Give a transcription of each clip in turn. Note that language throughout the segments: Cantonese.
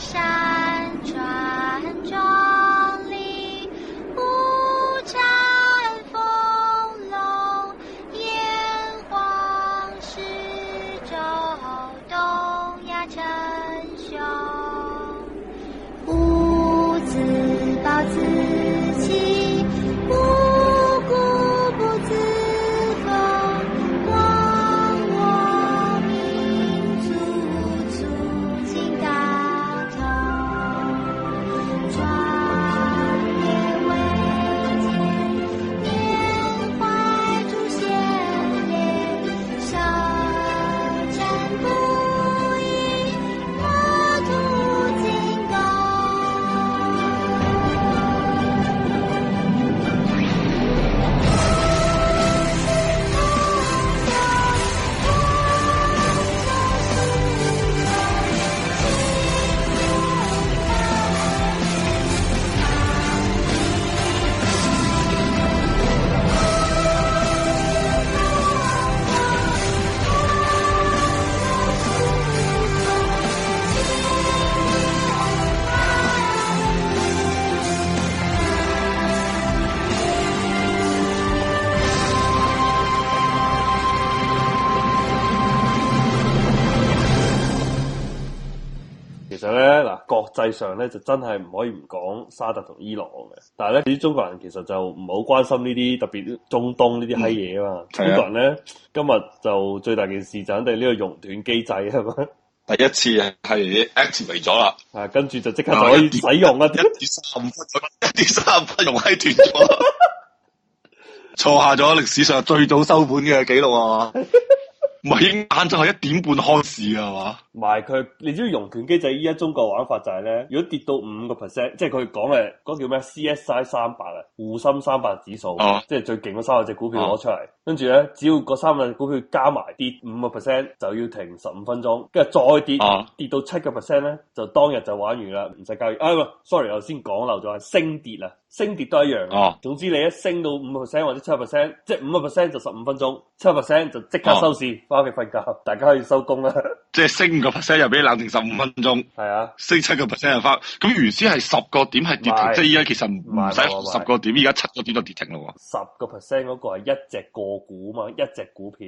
沙。上咧就真係唔可以唔講沙特同伊朗嘅，但係咧啲中國人其實就唔好關心呢啲特別中東呢啲閪嘢啊嘛。嗯、中國人咧、嗯、今日就最大件事就肯定呢個熔斷機制係嘛，第一次係 activate 咗啦，啊跟住就即刻就可以使用啊一至三五分，一至三五分熔閪斷咗，創下咗歷史上最早收盤嘅紀錄啊！唔係，晏晝係一點半開始啊嘛。唔係，佢你知唔知熔斷機制依家中國玩法就係咧？如果跌到五個 percent，即係佢講嘅，嗰叫咩？CSI 三百啊，滬深三百指數，即係最勁嗰三百隻股票攞出嚟，跟住咧只要嗰三百隻股票加埋跌五個 percent 就要停十五分鐘，跟住再跌、啊、跌到七個 percent 咧，就當日就玩完啦，唔使交易。哎、啊、sorry，我先講漏咗，升跌啊。升跌都一樣，哦、總之你一升到五個 percent 或者七個 percent，即係五個 percent 就十五分鐘，七個 percent 就即刻收市翻屋企瞓覺，大家可以收工啦。即係升五個 percent 又俾冷靜十五分鐘，係啊，升七個 percent 又翻，咁原先係十個點係跌停，是即係依家其實唔使十個點，而家七個點就跌停啦。十個 percent 嗰個係一隻個股嘛，一隻股票。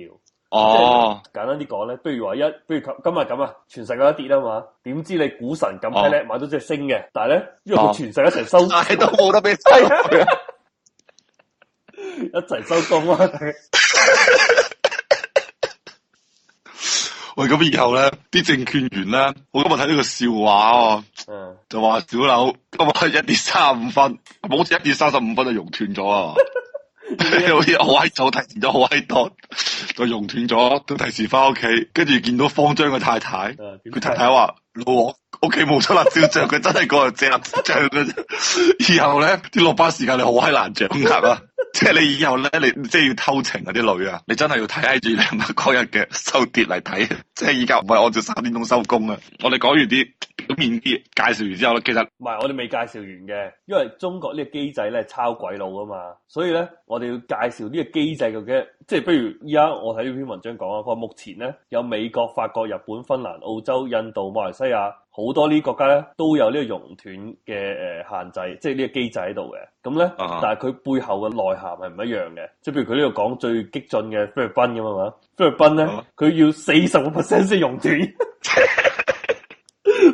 哦、啊，簡單啲講咧，不如話一，不如今日咁啊，全世界一跌啊嘛，點知你股神咁叻，啊、買咗隻升嘅，但係咧，因為佢全世界一齊收，啊、但都冇得俾晒，啊、 一齊收工啊！喂 、哎，咁以後咧，啲證券員咧，我今日睇到個笑話啊、哦，嗯、就話小樓今日係一點三十五分，冇似一點三十五分就熔斷咗啊！ 好似好閪早提前咗，好閪多，就熔斷咗，都提前翻屋企，跟住見到方張嘅太太，佢、啊、太太話老王屋企冇出辣椒醬，佢真係講係借辣椒醬嘅。以後咧啲落班時間你好閪難着，即係你以後咧，你即係要偷情嗰、啊、啲女啊，你真係要睇住嗰日嘅收跌嚟睇。即係而家唔係按照三點鐘收工啊，我哋講完啲。總結介紹完之後咧，其實唔係我哋未介紹完嘅，因為中國呢個機制咧係抄鬼佬噶嘛，所以咧我哋要介紹呢個機制嘅嘅，即係不如依家我睇呢篇文章講啊，佢話目前咧有美國、法國、日本、芬蘭、澳洲、印度、馬來西亞好多呢啲國家咧都有呢個熔斷嘅誒限制，即係呢個機制喺度嘅，咁咧，但係佢背後嘅內涵係唔一樣嘅，即係譬如佢呢度講最激進嘅菲律賓咁係嘛，菲律賓咧佢要四十個 percent 先熔斷。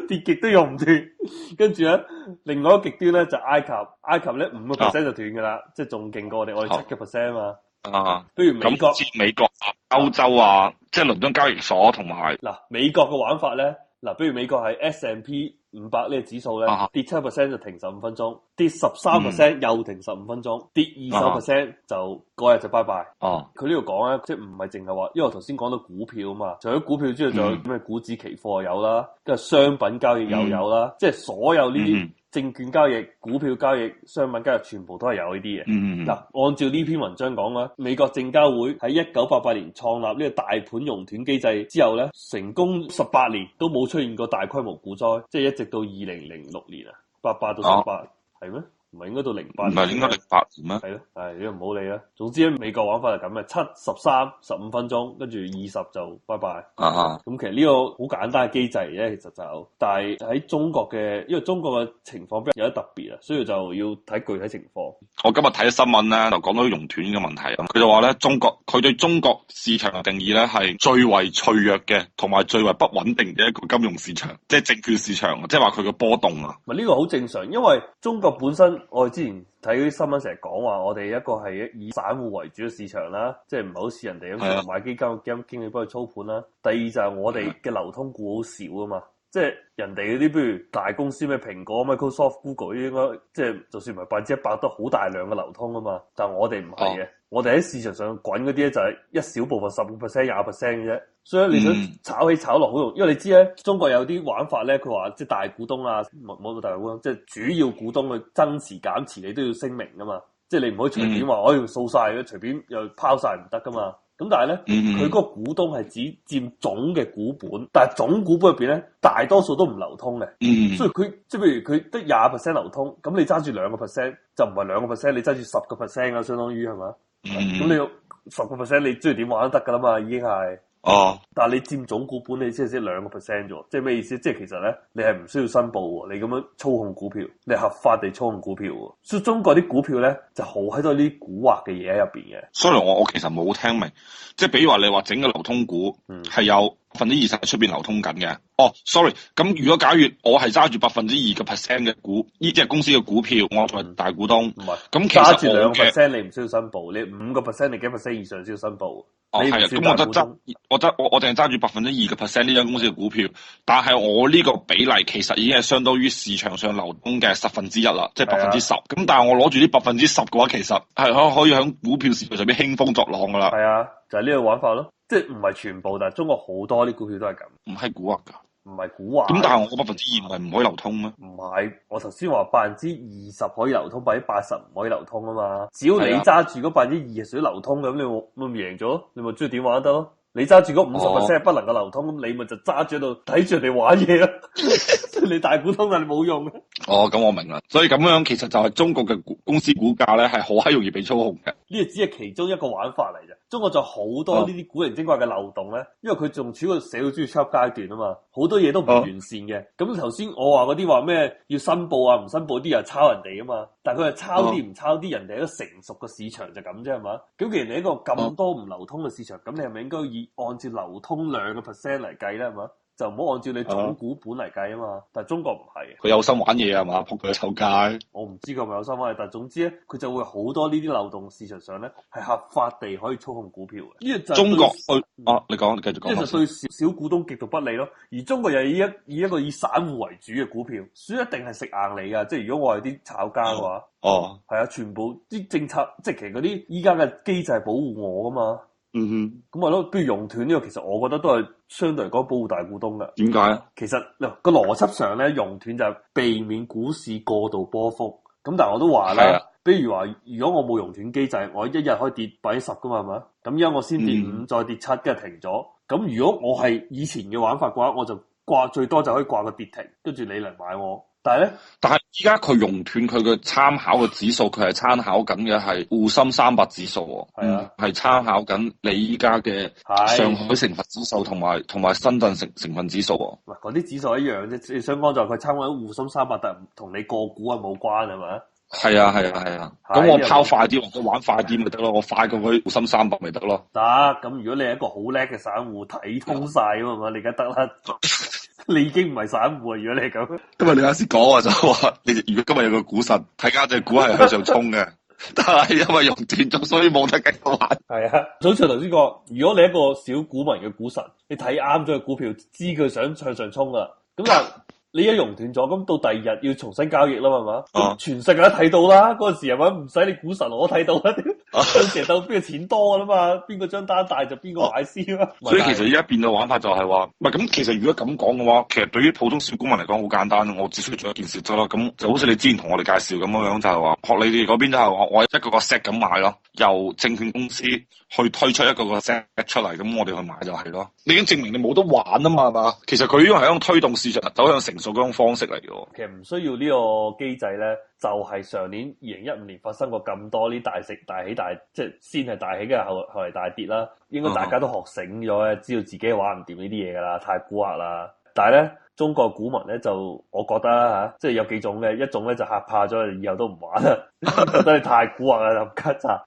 跌極都用唔斷，跟住咧，另外一個極端咧就是，埃及，埃及咧五個 percent 就斷噶啦，啊、即係仲勁過我哋，我哋七個 percent 啊嘛。啊，比如美國、美國、歐洲啊，即係倫敦交易所同埋。嗱，美國嘅玩法咧，嗱，比如美國係 S and P。五百呢個指數咧跌七 percent 就停十五分鐘，跌十三 percent 又停十五分鐘，嗯、跌二十 percent 就嗰日、啊、就拜拜。哦、啊，佢呢度講咧，即係唔係淨係話，因為我頭先講到股票啊嘛，除咗股票之外，仲、嗯、有咩股指期貨有啦，跟住商品交易又有啦，嗯，即係所有呢、嗯。嗯證券交易、股票交易、商品交易，全部都係有呢啲嘅。嗱、mm，hmm. 按照呢篇文章講啦，美國證交會喺一九八八年創立呢個大盤熔斷機制之後咧，成功十八年都冇出現過大規模股災，即係一直到二零零六年啊，八八到十八，係咩？唔係應該到零八，唔係應該零八年咩？係咯，係你唔好理啦。總之美國玩法係咁嘅，七、十三、十五分鐘，跟住二十就拜拜。啊咁、uh huh. 其實呢個好簡單嘅機制咧，其實就有但係喺中國嘅，因為中國嘅情況比較有得特別啊，所以就要睇具體情況。我今日睇咗新聞咧，就講到熔斷嘅問題啊。佢就話咧，中國佢對中國市場嘅定義咧，係最為脆弱嘅，同埋最為不穩定嘅一個金融市場，即係證券市場，即係話佢嘅波動啊。唔係，呢個好正常，因為中國本身。我哋之前睇啲新聞成日講話，我哋一個係以散戶為主嘅市場啦，即係唔好似人哋咁買基金嘅經理幫佢操盤啦。第二就係我哋嘅流通股好少㗎嘛。即係人哋嗰啲，譬如大公司咩蘋果、Microsoft、Google，應該即係就算唔係百分之一百，都好大量嘅流通啊嘛。但係我哋唔係嘅，oh. 我哋喺市場上滾嗰啲咧，就係一小部分，十五 percent、廿 percent 嘅啫。所以你想炒起炒落好容易，mm. 因為你知咧，中國有啲玩法咧，佢話即係大股東啊，某個大股東，即係主要股東去增持減持，你都要聲明噶嘛。即係你唔可以隨便話，我要掃晒嘅，隨便又拋晒唔得噶嘛。咁但係咧，佢嗰、mm hmm. 個股東係只佔總嘅股本，但係總股本入邊咧，大多數都唔流通嘅。Mm hmm. 所以佢即係譬如佢得廿 percent 流通，咁你揸住兩個 percent 就唔係兩個 percent，你揸住十個 percent 啦，相當於係嘛？咁、mm hmm. 你十個 percent 你中意點玩都得㗎啦嘛，已經係。哦，但係你佔總股本你即係只兩個 percent 咗，即係咩意思？即係其實咧，你係唔需要申報，你咁樣操控股票，你合法地操控股票。所以中國啲股票咧，就好喺多啲蠱惑嘅嘢，喺入邊嘅。Sorry、嗯、我我其實冇聽明，即係比如話你話整個流通股係有。百分之二十喺出邊流通緊嘅。哦，sorry。咁如果假如我係揸住百分之二嘅 percent 嘅股，呢隻公司嘅股票，我作為大股東。唔係、嗯。咁其實揸住兩個 percent 你唔需要申報，你五個 percent 你幾 percent 以上先要申報。哦，係啊。咁我揸，我揸，我我淨係揸住百分之二嘅 percent 呢張公司嘅股票，但係我呢個比例其實已經係相當於市場上流通嘅十分之一啦，即係百分之十。咁但係我攞住呢百分之十嘅話，其實係可可以喺股票市場上面興風作浪噶啦。係啊，就係呢個玩法咯。即係唔係全部，但係中國好多啲股票都係咁。唔係蠱惑噶，唔係蠱惑。咁但係我百分之二唔係唔可以流通咩？唔係，我頭先話百分之二十可以流通，百分之八十唔可以流通啊嘛。只要你揸住嗰百分之二十係屬於流通嘅，咁你我咪贏咗，你咪中意點玩得咯。你揸住嗰五十 percent 不能夠流通，咁你咪就揸住喺度睇住人哋玩嘢咯。 你大股東但係冇用。哦，咁、嗯、我明啦。所以咁樣其實就係中國嘅公司股價咧，係好閪容易被操控嘅。呢個只係其中一個玩法嚟嘅。中國就好多呢啲、哦、古靈精怪嘅漏洞咧，因為佢仲處個社會主義初級階段啊嘛，好多嘢都唔完善嘅。咁頭先我話嗰啲話咩要申報啊，唔申報啲、啊、人、就是、抄人哋啊嘛，但係佢係抄啲唔抄啲、哦、人哋一個成熟嘅市場就咁啫係嘛。咁既然你一個咁多唔流通嘅市場，咁、就是、你係咪應該以？按照流通量嘅 percent 嚟計咧，係嘛？就唔好按照你總股本嚟計啊嘛。但係中國唔係，佢有心玩嘢啊嘛，撲佢臭街。我唔知佢咪有，有心玩嘢，但係總之咧，佢就會好多呢啲漏洞。市場上咧係合法地可以操控股票嘅。呢中國對哦、啊，你講你繼續講。即係對小，小股東極度不利咯。而中國又以一以一個以散戶為主嘅股票，所以一定係食硬你噶。即係如果我係啲炒家嘅話哦，哦，係啊、嗯，全部啲政策即係其實嗰啲依家嘅機制係保護我噶嘛。嗯哼，咁咪咯，比如熔斷呢、個，其實我覺得都係相對嚟講保護大股東嘅。點解啊？其實嗱、個邏輯上咧，熔斷就係避免股市過度波幅。咁但係我都話啦，的比如話如果我冇熔斷機制，我一日可以跌百分之十噶嘛，係咪啊？咁而家我先跌五，再跌七，跟住停咗。咁、嗯、哼如果我係以前嘅玩法嘅話，我就掛最多就可以掛個跌停，跟住你嚟買我。但係咧，但係依家佢熔斷佢嘅參考嘅指數，佢係參考緊嘅係滬深三百指數喎，係啊，係參考緊你依家嘅上海成分指數同埋同埋深圳成成分指數喎。嗱，嗰啲指數一樣啫，想講就係佢參考滬深三百，但係同你個股係冇關係嘛？係啊，係啊，係啊。咁、啊、我拋快啲，我、啊、玩快啲咪得咯，我快過佢滬深三百咪得咯。得，咁如果你係一個好叻嘅散戶，睇通晒啊嘛，你而家得啦。 你已經唔係散戶啊！如果你係咁，今日你有時講啊，就話你如果今日有個股神睇啱隻股係向上衝嘅， 但係因為熔斷咗，所以冇得繼續買。係啊，早前頭先講，如果你一個小股民嘅股神，你睇啱咗個股票，知佢想向上衝啊，咁嗱。 你一熔斷咗，咁到第二日要重新交易啦係嘛，全世界都睇到啦，嗰陣時係咪唔使你估神我睇到啊？成 都邊個錢多啦嘛？邊個張單大就邊個買先啦？所以其實而家變到玩法就係話，唔係咁。其實如果咁講嘅話，其實對於普通小股民嚟講好簡單，我只需要做一件事啫啦。咁就好似你之前同我哋介紹咁樣樣，就係話學你哋嗰邊都係我一個個 set 咁買咯，由證券公司去推出一個個 set 出嚟，咁我哋去買就係咯。你已經證明你冇得玩啊嘛，係嘛？其實佢因為係一種推動市場走向成熟。做嗰種方式嚟嘅，其實唔需要個機呢個機制咧，就係、是、上年二零一五年發生過咁多啲大食大起，大，起大，即係先係大起嘅後後嚟大跌啦。應該大家都學醒咗咧，uh huh. 知道自己玩唔掂呢啲嘢啦，太蠱惑啦。但係咧，中國股民咧就我覺得嚇、啊，即係有幾種嘅，一種咧就嚇怕咗，以後都唔玩啦，真係 太蠱惑啦，又咳咋。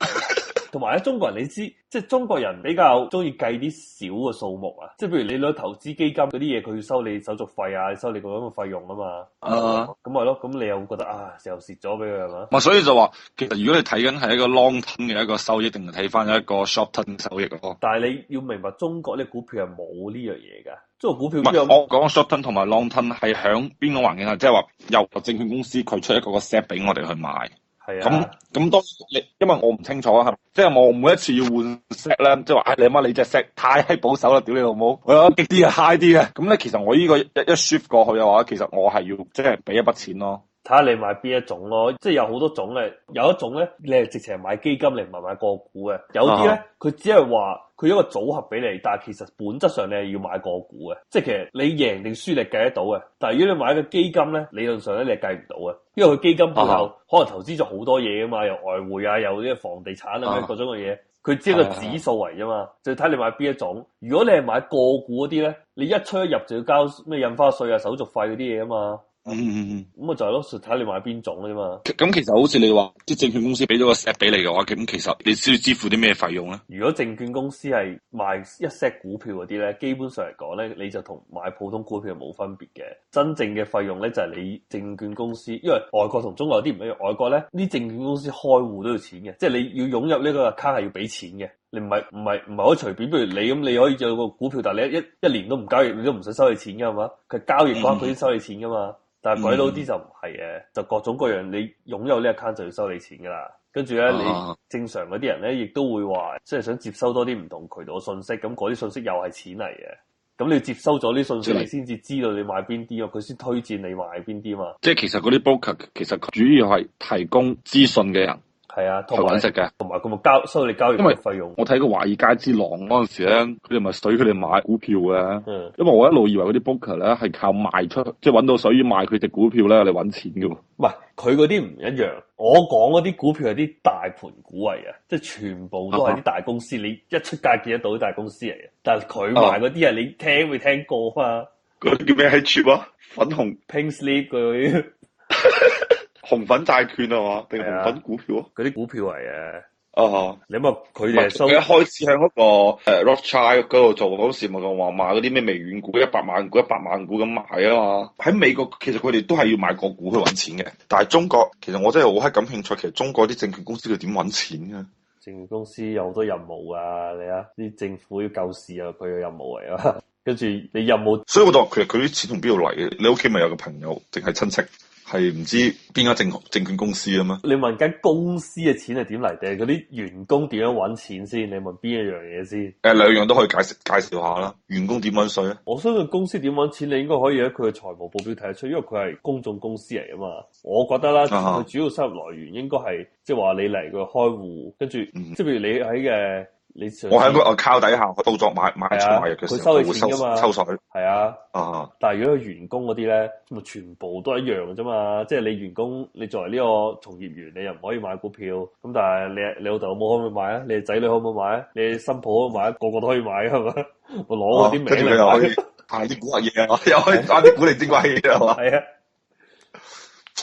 同埋咧，中國人你知，即係中國人比較中意計啲少嘅數目啊！即係譬如你攞投資基金嗰啲嘢，佢要收你手續費啊，收你咁樣嘅費用啊嘛。誒、uh, 嗯，咁咪咯，咁你又會覺得啊，又蝕咗俾佢係咪？唔係、嗯，所以就話其實如果你睇緊係一個 long term 嘅一個收益，定係睇翻一個 short term 收益咯。但係你要明白，中國呢股票係冇呢樣嘢㗎。即係股票，唔係我講 short term 同埋 long term 係響邊個環境啊？即係話由證券公司佢出一個個 set 俾我哋去買。咁咁多，你、嗯嗯嗯、因為我唔清楚啊，係即係我每一次要換 set 咧，即係話唉，你阿媽，你隻 set 太閪保守啦，屌你老母，我有激啲啊，high 啲嘅。咁咧、嗯，其實我呢個一一 shift 過去嘅話，其實我係要即係俾一筆錢咯。睇下你買邊一種咯，即係有好多種咧。有一種咧，你係直情買基金嚟，唔係買個股嘅。有啲咧，佢只係話佢一個組合俾你，但係其實本質上你係要買個股嘅。即係其實你贏定輸，你計得到嘅。但係如果你買個基金咧，理論上咧你係計唔到嘅，因為佢基金背後可能投資咗好多嘢噶嘛，又外匯啊，有啲房地產等等啊，各種各樣嘢。佢只係一個指數為啫嘛，啊、就睇你買邊一種。如果你係買個股嗰啲咧，你一出一入就要交咩印花稅啊、手續費嗰啲嘢啊嘛。嗯嗯嗯，咁咪就係咯，睇你買邊種啫嘛。咁其實好似你話，啲證券公司俾咗個 set 俾你嘅話，咁其實你需要支付啲咩費用咧？如果證券公司係賣一 set 股票嗰啲咧，基本上嚟講咧，你就同買普通股票冇分別嘅。真正嘅費用咧，就係你證券公司，因為外國同中國有啲唔一樣。外國咧，啲證券公司開戶都要錢嘅，即係你要擁有呢個卡係要俾錢嘅。你唔係唔係唔係可以隨便，譬如你咁你可以做個股票，但係你一一年都唔交易，你都唔使收你錢噶係嘛？佢交易嘅話佢先收你錢噶嘛。但係鬼佬啲就唔係嘅，就各種各樣，你擁有呢個卡，就要收你錢噶啦。跟住咧，你正常嗰啲人咧，亦都會話，即係想接收多啲唔同渠道嘅信息。咁嗰啲信息又係錢嚟嘅。咁你接收咗啲信息，就是、你先至知道你買邊啲，佢先推薦你買邊啲嘛。即係其實嗰啲 broker 其實主要係提供資訊嘅人。係啊，係揾食嘅，同埋佢咪交收你交易費用。因為我睇過華爾街之狼嗰陣時咧，佢哋咪水佢哋買股票嘅，因為我一路以為嗰啲 booker 咧係靠賣出，即係搵到水賣佢隻股票咧嚟搵錢嘅。唔喂、嗯，佢嗰啲唔一樣，我講嗰啲股票係啲大盤股嚟嘅，即係全部都係啲大公司，uh huh. 你一出街見得到啲大公司嚟嘅。但係佢賣嗰啲啊，你聽未、uh huh. 聽過啊？嗰叫咩喺 hitman 粉紅 pink Sleep, sleep 佢。紅粉債券啊嘛，定紅粉股票啊？嗰啲、啊、股票嚟嘅。哦、啊，啊、你咁佢哋佢一開始喺嗰、那個誒、呃、Rockshire 嗰度做嗰時咪話買嗰啲咩微軟股一百萬股，一百萬股咁買啊嘛。喺美國其實佢哋都係要買個股去揾錢嘅。但係中國其實我真係好閪感興趣，其實中國啲證券公司佢點揾錢啊？證券公司有好多任務啊！你啊，啲政府要救市啊，佢嘅任務嚟啊。跟 住你任務，所以我都話其實佢啲錢從邊度嚟嘅？你屋企咪有個朋友定係親戚？係唔知邊間證證券公司啊嘛？你問間公司嘅錢係點嚟嘅？嗰啲員工點樣搵錢先？你問邊一樣嘢先？誒、呃，兩樣都可以解釋，介紹下啦。員工點搵水？我相信公司點搵錢，你應該可以喺佢嘅財務報表睇得出，因為佢係公眾公司嚟㗎嘛。我覺得啦，佢、啊、哈主要收入來源應該係，即係話你嚟佢開戶，跟住即係譬如你喺嘅。我喺個 account 底下，我到咗買買買佢、啊、收錢嘛？抽水係啊，啊但係如果員工嗰啲咧，咪全部都一樣嘅啫嘛？即、就、係、是、你員工，你作為呢個從業員，你又唔可以買股票。咁但係你你老豆老母可唔可以買啊？你仔女可唔可以買啊？你新抱買個個都可以買，係咪？我攞嗰啲名，你、啊、又可以賣啲古惑嘢， 又可以玩啲古靈精怪嘢，係咪 啊？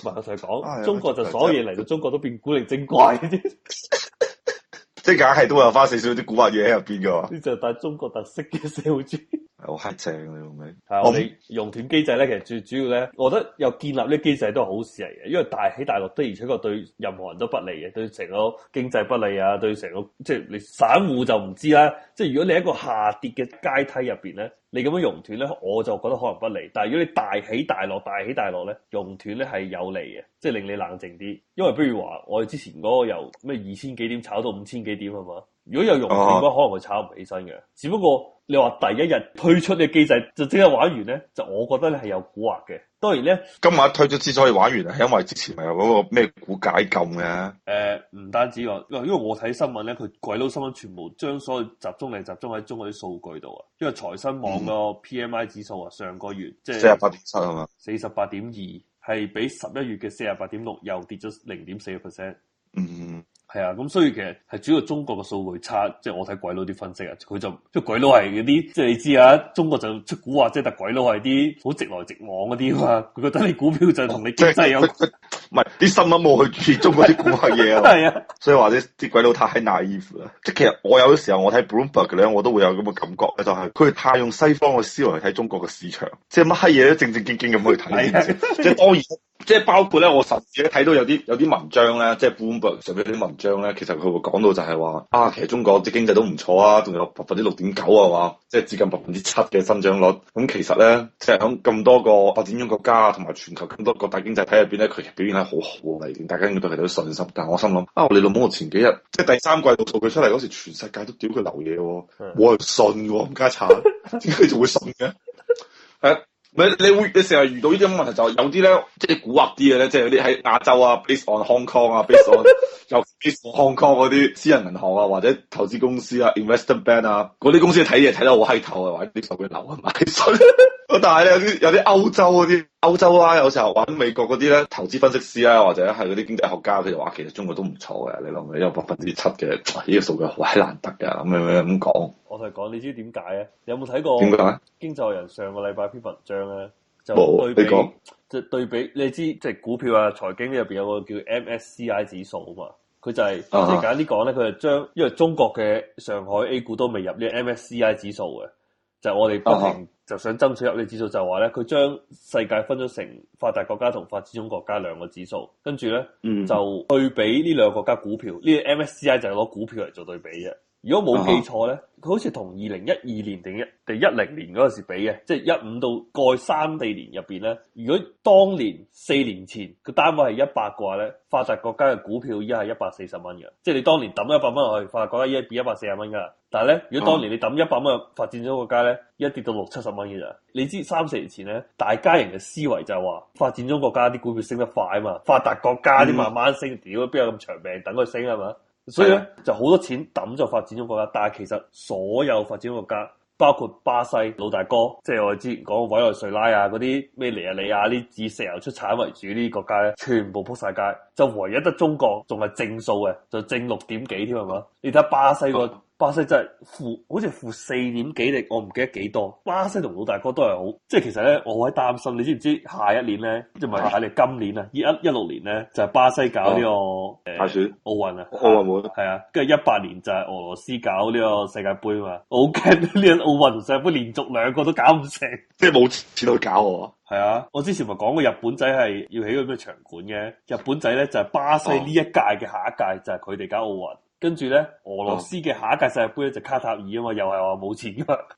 係我成日講， 中國就所有嘢嚟到中國都變古靈精怪啲。哎 即係硬係都有花少少啲古惑嘢喺入邊㗎，呢 就係中國特色嘅社會主義。 好黑正你種嘅，係 我哋熔斷機制咧，其實最主要咧，我覺得又建立呢機制都係好事嚟嘅，因為大起大落的，而且個對任何人都不利嘅，對成個經濟不利啊，對成個即係你散戶就唔知啦。即係如果你一個下跌嘅階梯入邊咧，你咁樣熔斷咧，我就覺得可能不利。但係如果你大起大落、大起大落咧，熔斷咧係有利嘅，即係令你冷靜啲。因為不如話我哋之前嗰個由咩二千幾點炒到五千幾點係嘛？如果有用，應該、uh huh. 可能會炒唔起身嘅。只不過你話第一日推出嘅機制就即刻玩完咧，就我覺得咧係有蠱惑嘅。當然咧，今晚推出之所以玩完，係因為之前咪有嗰個咩股解禁嘅。誒、呃，唔單止話，因為我睇新聞咧，佢鬼佬新聞全部將所有集中力集中喺中國啲數據度啊。因為財新網個 P M I 指數啊，上個月、mm hmm. 即係四十八點七啊嘛，四十八點二係比十一月嘅四十八點六又跌咗零點四個 percent。嗯。Mm hmm. 係啊，咁所以其實係主要中國嘅數據差，即、就、係、是、我睇鬼佬啲分析啊，佢就即係鬼佬係嗰啲，即係你知啊，中國就出股即係特鬼佬係啲好直來直往嗰啲嘛，佢覺得你股票就同你經濟是有，唔係啲新聞冇去注意中國啲咁閪嘢啊。係啊，所以話啲啲鬼佬太，太 naive 啦，即係其實我有啲時候我睇 Bloomberg 咧，我都會有咁嘅感覺，就係、是、佢太用西方嘅思維嚟睇中國嘅市場，即係乜閪嘢都正正經經咁去睇，即係當然。即係包括咧，我甚至睇到有啲有啲文章咧，即係 Bloomberg 上面啲文章咧，其實佢會講到就係話，啊，其實中國啲經濟都唔錯啊，仲有百分之六點九啊，話即係接近百分之七嘅增長率。咁其實咧，即係響咁多個發展中國家同埋全球咁多個大經濟體入邊咧，佢其實表現得好好嚟，大家應該對佢有信心。但係我心諗，啊，我哋老母前幾日即係第三季度數據出嚟嗰時，全世界都屌佢流嘢，我又、mm hmm. 信，我更加慘，點解佢仲會信嘅？係。 唔，你會你成日遇到呢啲問題，就係有啲咧，即係蠱惑啲嘅咧，即係有啲喺亞洲啊，based on Hong Kong 啊，based on 其實香港嗰啲私人銀行啊，或者投資公司啊 investor bank 啊，嗰啲公司睇嘢睇得好嗨頭啊，或者啲數據流啊，係咪？但係咧，有啲有啲歐洲嗰啲歐洲啊，有時候玩美國嗰啲咧投資分析師啊，或者係嗰啲經濟學家，佢哋話其實中國都唔錯嘅，你諗下，因百分之七嘅呢個數據好難得嘅，咁樣樣咁講。我同你講，你知點解啊？有冇睇過？點解？《經濟人》上個禮拜篇文章咧，就對比，即係對比你知，即係股票啊、財經入邊有個叫 MSCI 指數啊嘛。佢就係、是，我哋簡啲講咧，佢、huh. 就將，因為中國嘅上海 A 股都未入呢 MSCI 指數嘅，就係、我哋不停就想爭取入呢指數，就話咧佢將世界分咗成發達國家同發展中國家兩個指數，跟住咧、uh huh. 就對比呢兩個國家股票，呢、這個、MSCI 就係攞股票嚟做對比嘅。如果冇記錯咧，佢、uh huh. 好似同二零一二年定一定一零年嗰陣時比嘅，即係一五到蓋三四年入邊咧。如果當年四年前個單位係一百嘅話咧，發達國家嘅股票依家係一百四十蚊嘅，即係你當年抌一百蚊落去，發達國家已經變一百四十蚊噶。但係咧，如果當年你抌一百蚊發展中國家咧，一跌到六七十蚊嘅咋？你知三四年前咧，大家人嘅思維就係話發展中國家啲股票升得快啊嘛，發達國家啲慢慢升，屌邊、uh huh. 有咁長命等佢升係嘛？所以咧的就好多錢抌咗發展中國家，但係其實所有發展國家，包括巴西老大哥，即係我哋之前講委內瑞拉啊嗰啲，咩尼日利亞呢啲以石油出產為主呢啲國家咧，全部仆晒街，就唯一得中國仲係正數嘅，就正六點幾添係嘛？你睇下巴西個。巴西真係負，好似係負四點幾力，我唔記得幾多。巴西同老大哥都係好，即係其實咧，我好喺擔心。你知唔知下一年咧，即係唔係睇你今年啊？二一、一六年咧就係、是、巴西搞呢、這個誒大選奧運啊，奧運會。係啊，跟住一八年就係俄羅斯搞呢個世界盃啊嘛。嗯、我好驚呢啲奧運世界杯連續兩個都搞唔成，即係冇錢去搞喎、啊。係啊，我之前咪講過日本仔係要起個咩場館嘅？日本仔咧就係巴西呢一屆嘅下，下一屆就係佢哋搞奧運。跟住咧，俄羅斯嘅下一屆世界杯就卡塔爾啊嘛，又係話冇錢噶，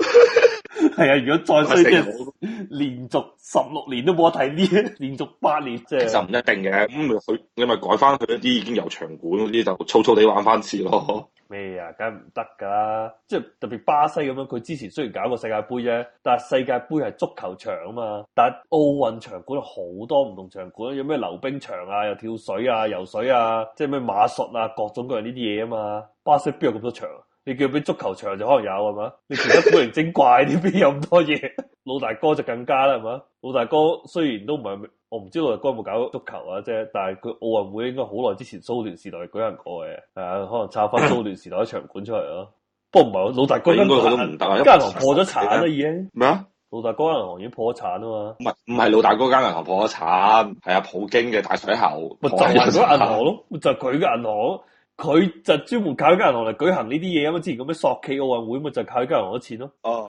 係啊！如果再衰啲， 連續十六年都冇得睇呢，連續八年啫。其實唔一定嘅。咁佢你咪改翻去一啲已經有場館嗰啲，就粗粗地玩翻次咯。 咩啊，梗係唔得噶，即係特別巴西咁樣，佢之前雖然搞過世界杯啫，但係世界杯係足球場啊嘛，但係奧運場館好多唔同場館，有咩溜冰場啊，又跳水啊，游水啊，即係咩馬術啊，各種各樣呢啲嘢啊嘛，巴西邊有咁多場？你叫俾足球場就可能有係嘛？你其他古靈精怪啲邊有咁多嘢？ 老大哥就更加啦，係嘛？老大哥雖然都唔係。我唔知道老大哥有冇搞足球啊？即係，但係佢奧運會應該好耐之前蘇聯時代舉行過嘅。係啊，可能拆翻蘇聯時代嘅場館出嚟咯。不過唔係，老大哥，哥應該佢都唔得啊，一間銀行破咗產啦已經。咩啊？老大哥間銀行已經破咗產啊嘛。唔係唔係，老大哥間銀行破咗產，係啊，普京嘅大水喉，就係嗰銀行咯，啊啊啊，就係佢嘅銀行，佢就專門靠一間銀行嚟舉行呢啲嘢啊嘛，之前咁樣索契奧運會咪就係，靠一間銀行嘅錢咯，啊。啊